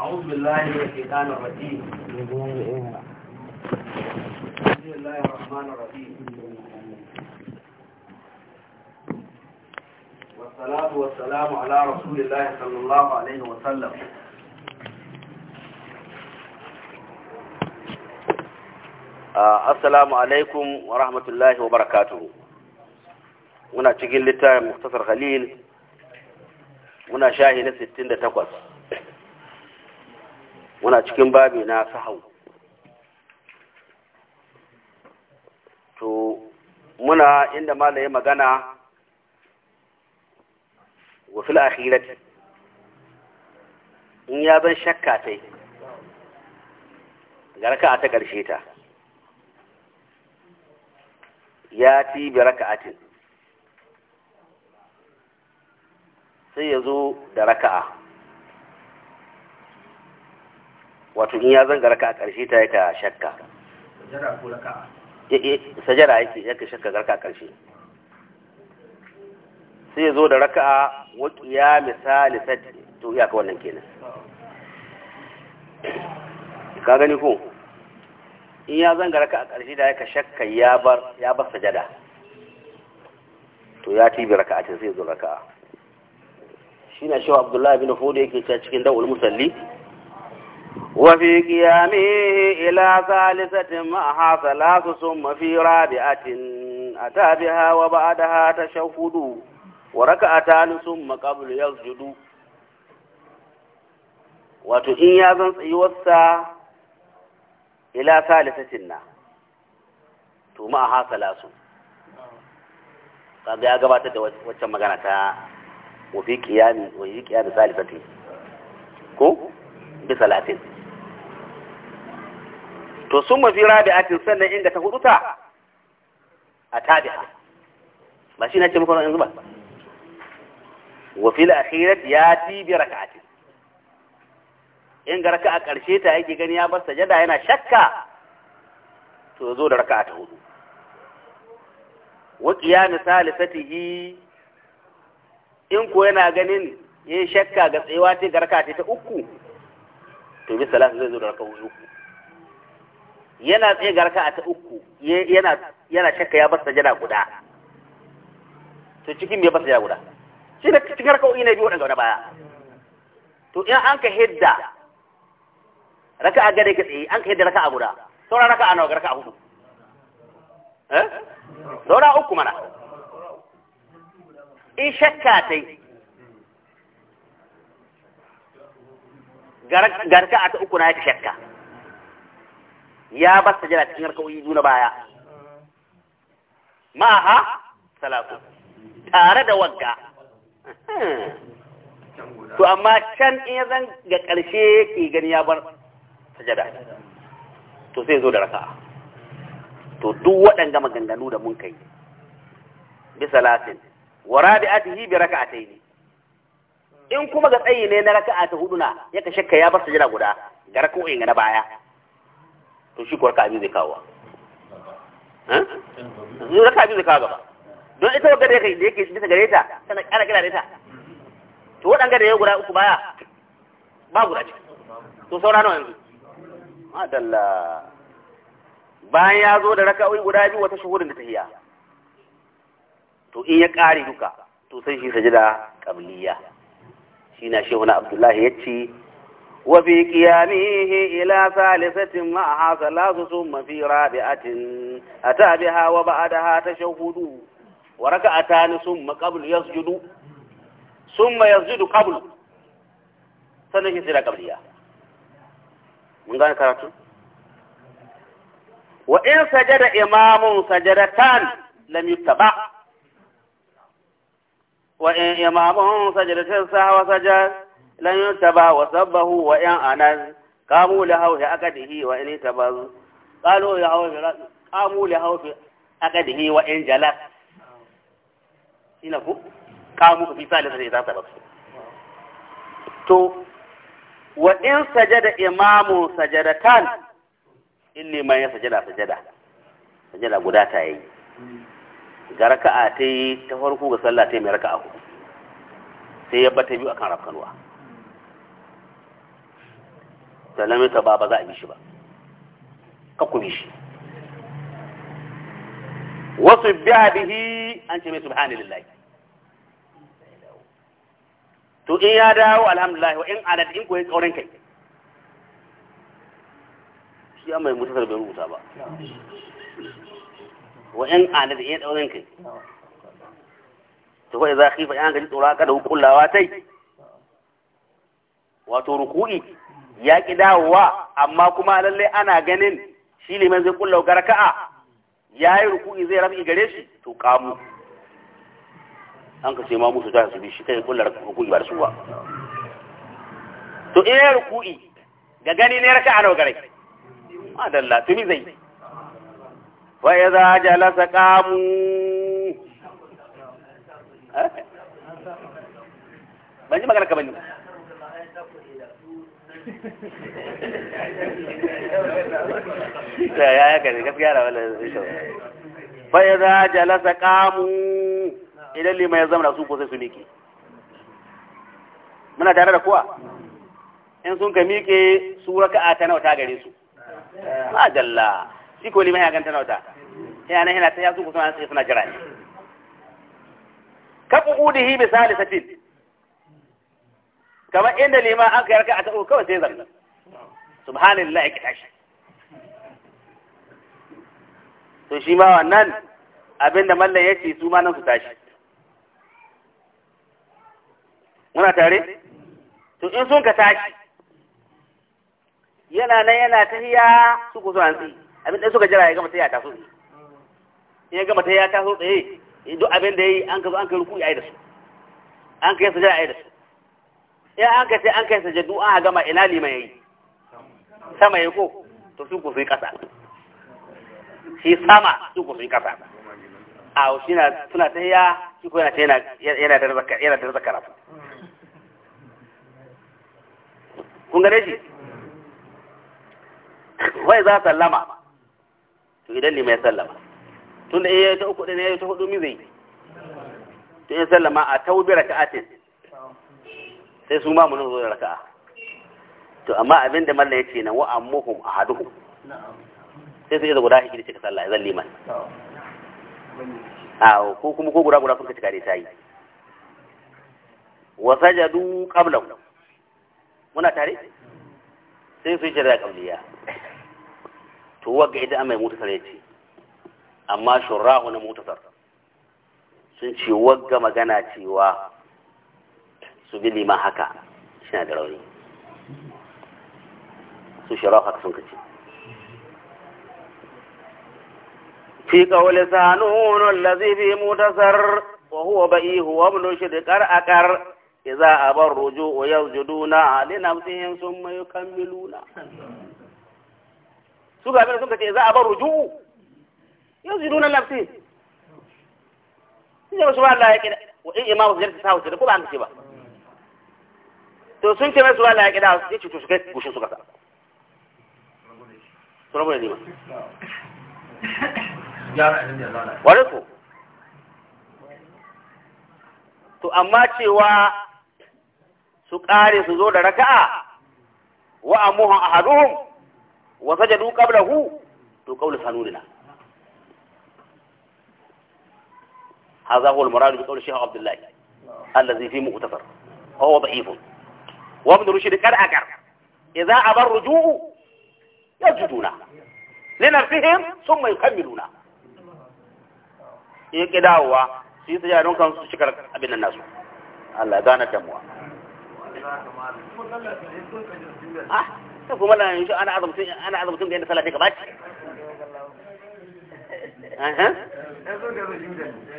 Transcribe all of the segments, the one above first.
أعوذ بالله من الشيطان الرجيم بسم الله الرحمن الرحيم والصلاة والسلام على رسول الله صلى الله عليه وسلم alaikum wa rahmatullahi wa barakatuhu muna cikin littafin muktasar khalil muna shahi na 68 muna cikin babi na sahau to muna inda malaye magana wa fil akhirati in ya zan shakka sai garka ta ƙarshe ta ya ti bi raka'atin sai ya zo da raka'a wato in ya zanga raka a ƙarshe ta yaka shakka sajada yake yaka shakka raka a ƙarshe sai ya zo da raka wa ya misali sati to ka wannan kenan ka gani ko in ya zanga raka a ƙarshe da yaka shakka ya bar sajada to ya tibi raka'atin sai ya zo a shi na shi wa abdullahi bin hudu yake cikin da'ul musalli وفي قيامه إلى ثالثة معها ثلاث ثم في رابعة أتى بها وبعدها تشهد وركعتان ثم قبل يسجد wato in ya zan tsayuwarsa ila salisatin na to ma ha salasu kaga ya gabatar da waccan magana ta wafi kiyami wafi kiyami ko bi salatin to sun mafi rabi'atin sannan inda ta hudu ta a tabi'a ba shi na ce makonan yanzu ba wa fil akhirat ya ti bi rak'atin in ga raka'a karshe ta yake gani ya bar sajada yana shakka to zo da raka'a ta hudu wa qiyam salisatihi in ko yana ganin yayin shakka ga tsayuwa ta garka ta uku to bi salatu zai zo da raka'a uku yana tsaye ga raka'a ta uku yana yana shakka ya bar sajada guda to cikin ya bar sajada guda shi da cikin raka'o'i na biyu wadanda wani baya to in an ka hidda raka'a gare ka tsaye an ka hidda raka'a guda saura raka'a nawa ga raka'a hudu eh saura uku mana in shakka ta yi ga raka'a ta uku na ya shakka ya ba jira cikin harkar biyu na baya ha! salatu tare da wagga to amma can in ya zan ga ƙarshe yake gani ya bar sajada to sai zo da raka'a to duk waɗanda maganganu da mun kai bi salatin wa rabi'atihi bi yi. in kuma ga tsayi ne na raka'a ta huduna ya kashe ka ya bar sajada guda ga raka'o'in na baya to shi kuwa kabi zai kawo yanzu eh? raka biyu zai kawo ba. don ita wadda da yake bisa gare ta tana ƙara kira da ta. to waɗanga da ya guda uku baya ba guda ce to saura nawa yanzu madalla bayan ya zo da raka'o'i guda biyu wata shuhurin da ta hiya to in ya ƙare duka to sai shi sajida qabliya shi na shehu na abdullahi yace وفي قيامه إلى ثالثة معها ثلاث ثم في رابعة أتى بها وبعدها تشهد وركعتان ثم قبل يسجد ثم يسجد قبل sannan shi sira kabliya mun gane karatu wa in sajada imamun sajadatan lam yuttaba wa in imamun sajadatan sahwa lan yuntaba wa sabbahu wa in anan qamu li hawfi aqadihi wa in tabazu qalu ya hawfi qamu li hawfi aqadihi wa in jalas ina ku qamu fi salisati zata ba to wa in sajada imamu sajadatan inni ma ya sajada sajada sajada guda ta yi garaka'a ta yi ta farko ga sallah ta yi mai raka'a hudu sai ya bata biyu akan rafkanuwa salaminsa ba ba za a bi shi ba ka ku shi wasu biya bihi an ce mai subhanallahi to in ya dawo alhamdulillah wa in alat in koyi tsoron kai shi ya mai mutasar bai rubuta ba wa in alat in tsoron kai to kai za khifa in an gaji tsoro aka da kullawa tai wato ruku'i ya ki dawowa amma kuma lalle ana ganin shi ne zai kulla raka'a ya yi ruku'i zai rabi gare shi to kamu an ka ce ma musu ta su bi shi kai kulla ruku'i ba da su to in ruku'i ga gani ne raka'a nawa gare to ni zai wa idza jalasa kamu eh? ban ji magana ka bani da ya ya gari gaskiya da ya za jalasa idan lima ya zama su ko sai su miƙe muna tare da kuwa. in sun ka miƙe su raka'a ta nauta gare su Ba Jalla, shi ko lima ya ganta nauta ya nan ta ko suna jira ne ka qu'udihi bi salisatin kamar inda nema an kai raka'a ta uku kawai sai zalla subhanallah ya tashi to shi ma wannan abinda mallan ya su ma nan su tashi muna tare to in sun ka tashi yana nan yana tahiya su ku zuwa tsi abin da suka jira ya gama tahiya ta so in ya gama tahiya ta so tsaye duk abin da yayi an ka zo an ka ruku ya yi da su an ka yi sujada ya yi da su in an ka sai an kai sajadu an gama ina lima yayi sama yayi ko to su ku su kasa shi sama su ku su kasa a shi na suna ta ya shi ko yana yana yana da zakar yana da zakar kun gane shi wai za sallama to idan lima ya sallama tun da iya ta uku da ne ya ta hudu mi zai to in sallama a taubira ka atin sai su ma mun zo da raka'a to amma abin da malla yace na wa ammuhum ahaduhum sai sai da guda da cika sallah zan liman awo ko kuma ko guda guda sun cika dai tayi wa sajadu qablahu muna tare sai su jira qabliya to wagga ita mai mutasar yace amma shurrahu na mutasar sun ce wagga magana cewa su bi lima haka suna da rauni su shi haka sun kace fi qawli sanun allazi bi mutasar wa huwa ba'ihu wa a shidqar aqar idza abar ruju'u yasjuduna li nafsihim thumma na su ga sun kace idza abar ruju'u yasjuduna li nafsihim sai ba su ba Allah ya kira wa in imamu zai ta da ko ba an kace ba to sun ce masu wala ya kida su ce su kai gushin su kasa su rabu da nima wani ko to amma cewa su kare su zo da raka'a wa amuhum ahaduhum wa sajadu qablahu to qawl sanunina هذا هو المراد بقول الشيخ عبد الله الذي فيه مغتفر هو ضعيف wa ibn a kar akar idza abar ruju'u yajiduna linafihim thumma yukammiluna in kidawa su yi tsayarin kansu su cikar abin nan nasu Allah ya gane damuwa ah, kuma na yanzu ana azumtun da sallah take ba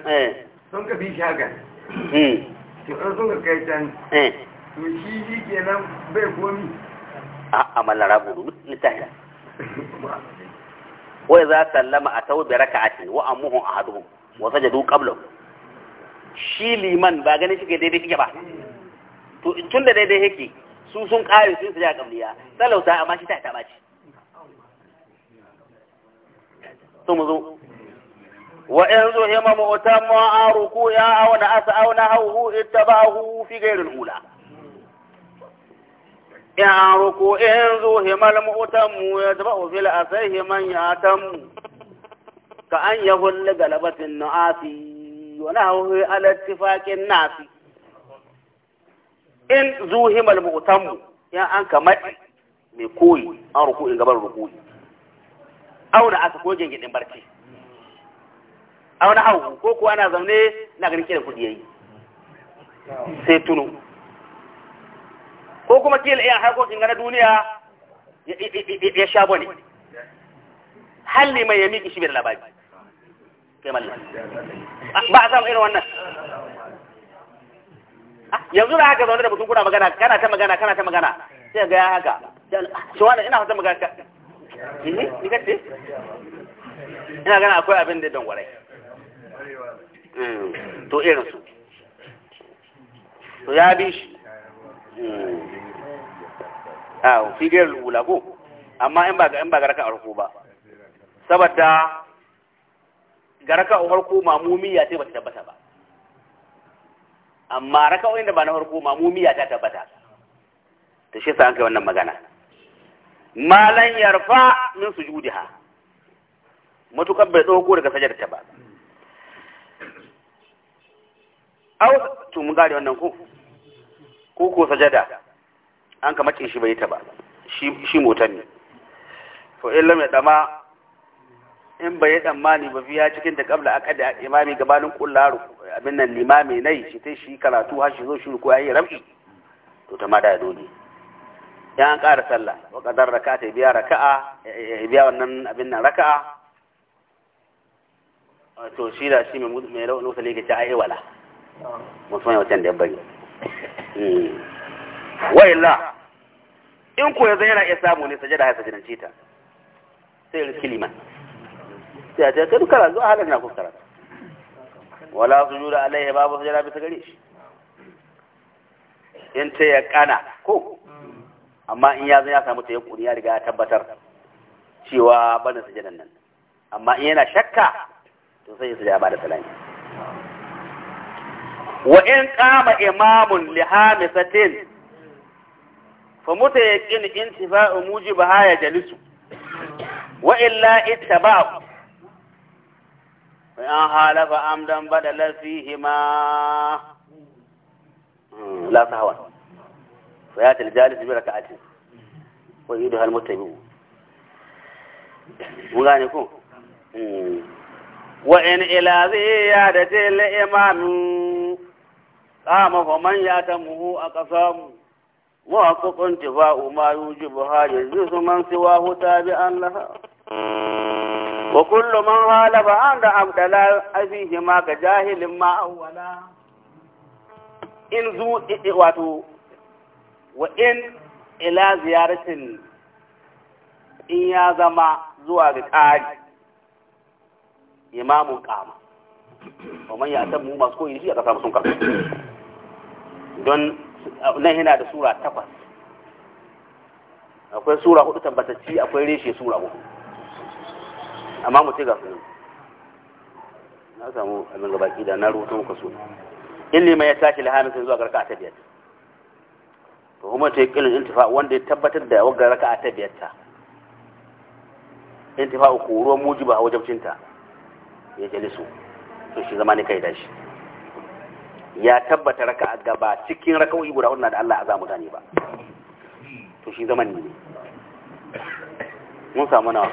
eh sun ka bi shagan hmm. eh sun ka kai can eh to shi shi kenan bai komi a mallara buru littafi wai za sallama a tau da raka'atin wa amuhun ahaduhum wa sajadu qablahu shi liman ba ganin shi ke daidai kike ba to tun da daidai yake su sun kare sun sujada qabliya salauta amma shi ta ta baci to mu zo wa in zo hima mu'tamma a ruku'a aw na asa aw na hawu ittaba'ahu fi ghayril ula ya ruku in zo himal mu'tamu ya taba fil asaihi man ya tamu ka an yahul galabatin na'afi wani hauhi ala ittifaqin in zo himal mu'tamu ya an kamar mai koyi an ruku in gaban ruku auna asa ko gingidin barci auna hau ko kuwa ana zaune na ganin kiran kudi yayi sai tuno ko kuma kila iya harkokin na duniya ya sha bane halli mai yami kishi da labari ah, ba a samu irin wannan ah, yanzu da haka zaune da mutum kuna magana kana ta magana kana ta magana sai ga ya haka shi wannan ina fata magana eh, ni kace ina gana akwai abin da don gwarai hmm, to irin su to ya bi shi a ah, fi dai lula ko amma in ba in ba garaka arko ba saboda garaka arko mamumiya ce ba ta tabbata ba amma raka wani da ba na farko mamumiya ta tabbata ta shi sa an kai wannan magana malan yarfa min sujudiha kan bai tsoko daga sajar ta ba au to mun gane wannan ko ko ko sajada an ka makin shi bai ta ba shi motar ne to in lam ya dama in bai tsammani ba biya cikin da kabla aka da imami gabanin kullaru abin nan limami nai shi tai shi karatu har shi zo shi ko yayi rabi to ta ma da dole ya an ƙara sallah wa qadar rak'ata biya raka'a ya biya wannan abin nan raka'a to shi da shi mai mai launin sai yake ta ai wala musamman wajen da ya Eh. wa illa in ko yanzu yana iya samu ne sajada ya ce ta sai riski liman sai a ce ka dukkan zuwa halar na kuskara wala su jura alaihi babu sajada bisa gare shi in ta ya kana ko amma in ya zai ya samu ta ya kuri ya riga ya tabbatar cewa bana sajadan nan amma in yana shakka to sai ya sajada ba da salami wa in kama imamun li hamisatin fa muta yaqin intifa'u mujibaha ya jalisu wa illa ittaba'u wa an halafa amdan badala fihima hmm, la sahwan fa yati al-jalis bi rak'atin wa yudha al-muttabi'u mun gane ko hmm. wa in ila ziyadatil imamin قام فمن يأتمه أقسام وحقق انتفاء ما يوجب هذا الجزء من سواه تابعا لها وكل من غالب عند عبد الله فيه ما كجاهل ما أولا إن ذو واتو وإن إلى زيارة إن يا زما زوا بكاج إمام القامة ومن يأتمه مسكوين في أقسام سنكر don nan yana da sura takwas akwai sura hudu tabbatacci akwai reshe sura hudu amma mu ce ga su na samu abin gaba da na rubuta muka so in mai ya tashi lahamis zuwa garka a tabiyar to kuma ta yi kilin intifa wanda ya tabbatar da wagar garka a tabiyar ta intifa ko ruwan mujiba a wajabcinta ya jalisu to shi zama ne kai da shi ya tabbata raka gaba cikin raka'o'i guda wannan da Allah a za gane ba to shi zaman ne mun samu nawa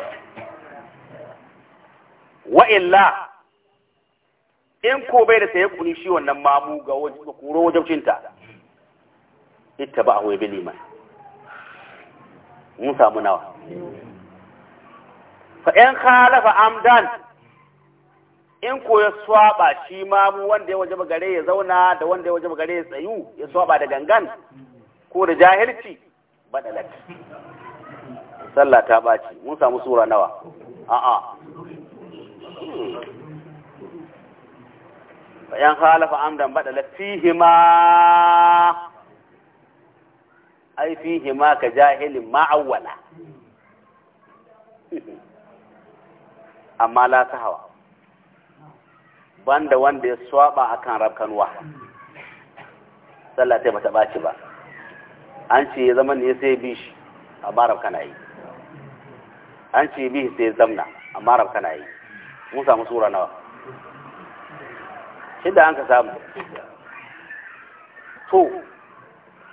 wa illa in ko bai da sai kuni shi wannan mamu ga kuro cinta, ita ba a wai liman. mun samu nawa fa in khalafa amdan in ko ya swaba shi ma mu wanda ya waje gare ya zauna da wanda ya waje gare ya tsayu ya swaba da gangan ko da jahilci badalat sallah ta baci mun samu sura nawa a'a bayan hmm. halafa amdan badalat ma ai hima ka jahilin ma'awwala amma la sahawa banda wanda ya swaba akan rafkanuwa sallah ta bata baci ba an ce ya zama ne sai bi shi a rafkana yi an ce bi sai zamna a rafkana yi mun samu sura nawa shida an ka samu to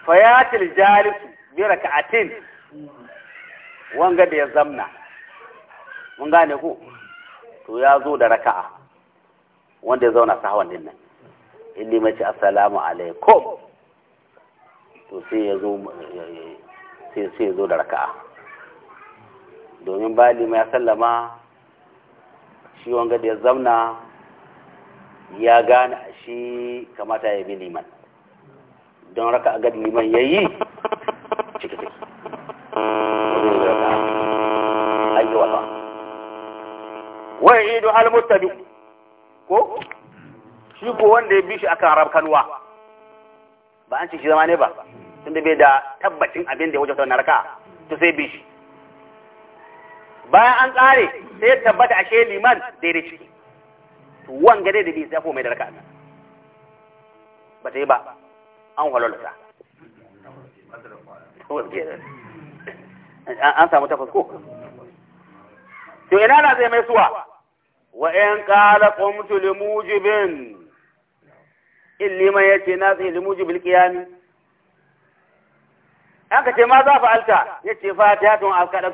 fayatil jalisu bi raka'atin wanga da ya zamna mun gane ko to ya zo da raka'a wanda ya zauna sahawan din nan in limanci assalamu alaikum to sai ya zo sai da raka'a domin ba lima ya sallama shi wanga da ya zauna ya gane shi kamata ya bi liman don raka'a a gadi liman ya yi ciki ciki wa'idu al ko shi ko wanda ya bi shi akan kanwa ba an ce shi zama ne ba tunda bai da tabbacin abin da ya wajabta wannan raka to sai bi shi bayan an tsare sai ya tabbata ashe liman daidai ciki to wanga dai da bi sai ko mai da raka ba ta yi ba an halalta an samu tafas ko to ina na zai mai suwa وإن قال قمت لموجب اللي ما يأتي ناس لموجب الكيان أنك كما ذا فعلت يأتي فاتحة أفكارك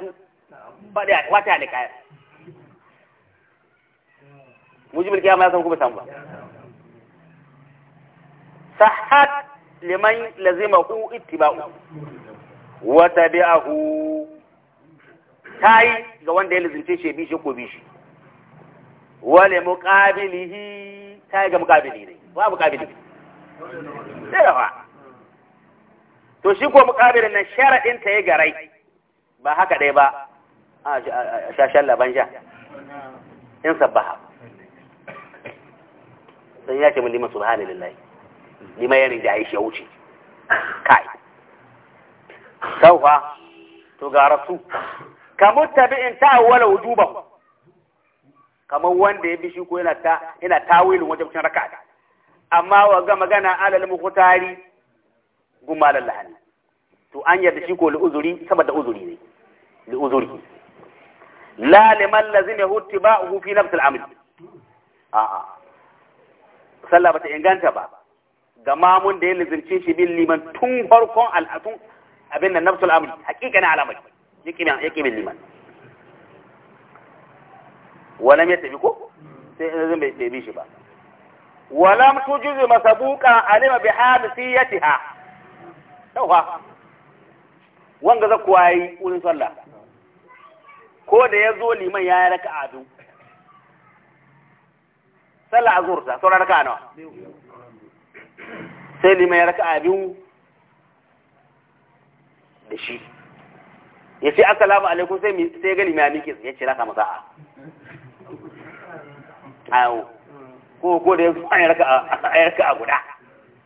فدعت وتعلك آية موجب القيام يسمى كما سمى صحت لمن لزمه اتباعه وتبعه تاي ga wanda ya lizince shi bi shi ko bi shi wale muqabilihi ta yi ga muqabili ne ba ne sai da fa to shi ko muqabilin nan sharaɗin ta yi garai ba haka dai ba a shashen laban sha in sabbaha ha sun ce mun liman subhanallahi liman yarin da Aisha wuce kai saufa to ga rasu kamar tabi'in ta awwala wujubahu kamar wanda ya bi shi ko yana ta yana tawilin raka raka'a amma wa ga magana alal mukhtari gumalal lahani to an yarda shi ko li uzuri saboda uzuri ne li uzuri la liman lazina huttiba'uhu fi nafs al-amr a'a sallah bata inganta ba ga mamun da ya lizince shi bin liman tun farkon al'atun abin da nafsul amr hakika na alamari yake bin liman walam ya tafi ko sai in zan bai tafi shi ba walam tujuzu masabuqa alima bi hadisiyatiha yawa wanga za ku yi wurin sallah ko da ya zo liman ya yi raka a biyu sallah a zuwa sauran raka nawa sai liman ya raka a biyu da shi ya ce assalamu alaikum sai ga liman ya miƙe ya ce raka masa a kawo ko ko da yanzu an raka a raka a guda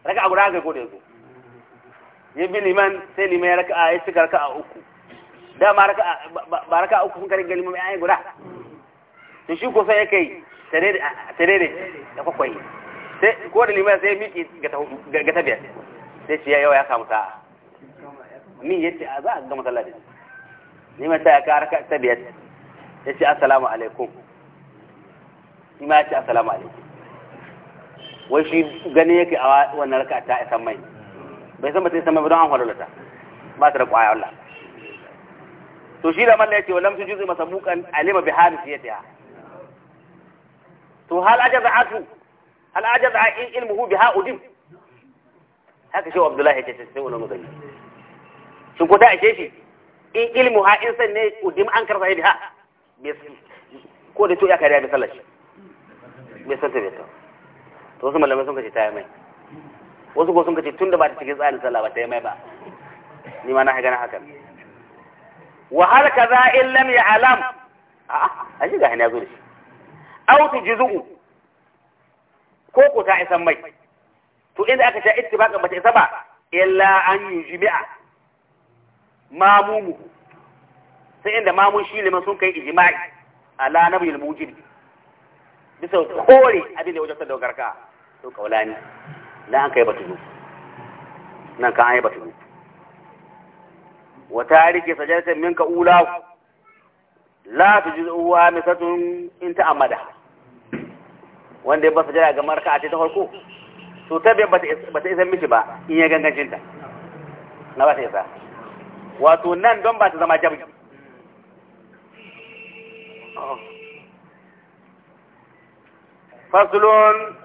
raka a guda ga ko da yanzu ya bi liman sai liman ya raka a ya cika raka a uku da ma raka ba raka a uku sun karin galimin ayi guda to shi ko sai ya kai tare da da kwakwai sai ko da liman sai miƙi ga ta ga ta biyar sai shi yau ya samu sa'a ya yace a za a ga masallaci liman ta ya ka raka ta biyar ce assalamu alaikum shi ma ya ce asalamu alaikum wai shi gani yake a wannan raka ta isan mai bai san ba ta isan mai don an halalata ba ta da kwaya Allah to shi da malla yace walam tujuzu masabuqan alima bi ta to hal ajaza atu hal ajaza ilmuhu biha udim haka shi Abdullahi yake sai wannan magana shin ko ta ake shi in ilmu ha in san ne udim an karsa biha ko da to ya ya bi sallah bai santa bai to wasu malamai sun kace ta yi mai wasu ko sun kace tun da ba ta cikin tsarin sallah ba ta yi mai ba ni ma na na hakan wa har kaza in lam ya'lam a a shi ga hanya zo shi aw tujzu ko ko ta isan mai to inda aka ta ittifaqan ba ta isa ba illa an yujmi'a mamumu sai inda mamun shi liman sun kai ijma'i ala nabiyil mujib bisa kore abin da wajen sadaukar ka kaula ne, dan an kai batulu nan kan yi batulu wa tariki sajadatin minka ula la tujzuha misatun in ta amada, wanda ba a ga marka a ta harko, so ta ba bata isa miki ba in ya gangancin ta na ba ta isa wato nan don ba ta zama jami'i فصل